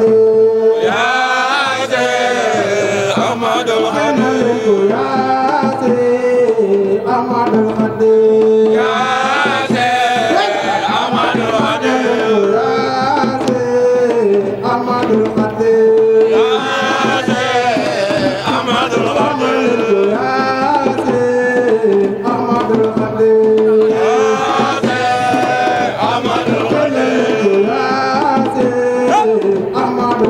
Hallelujah. Ahmadu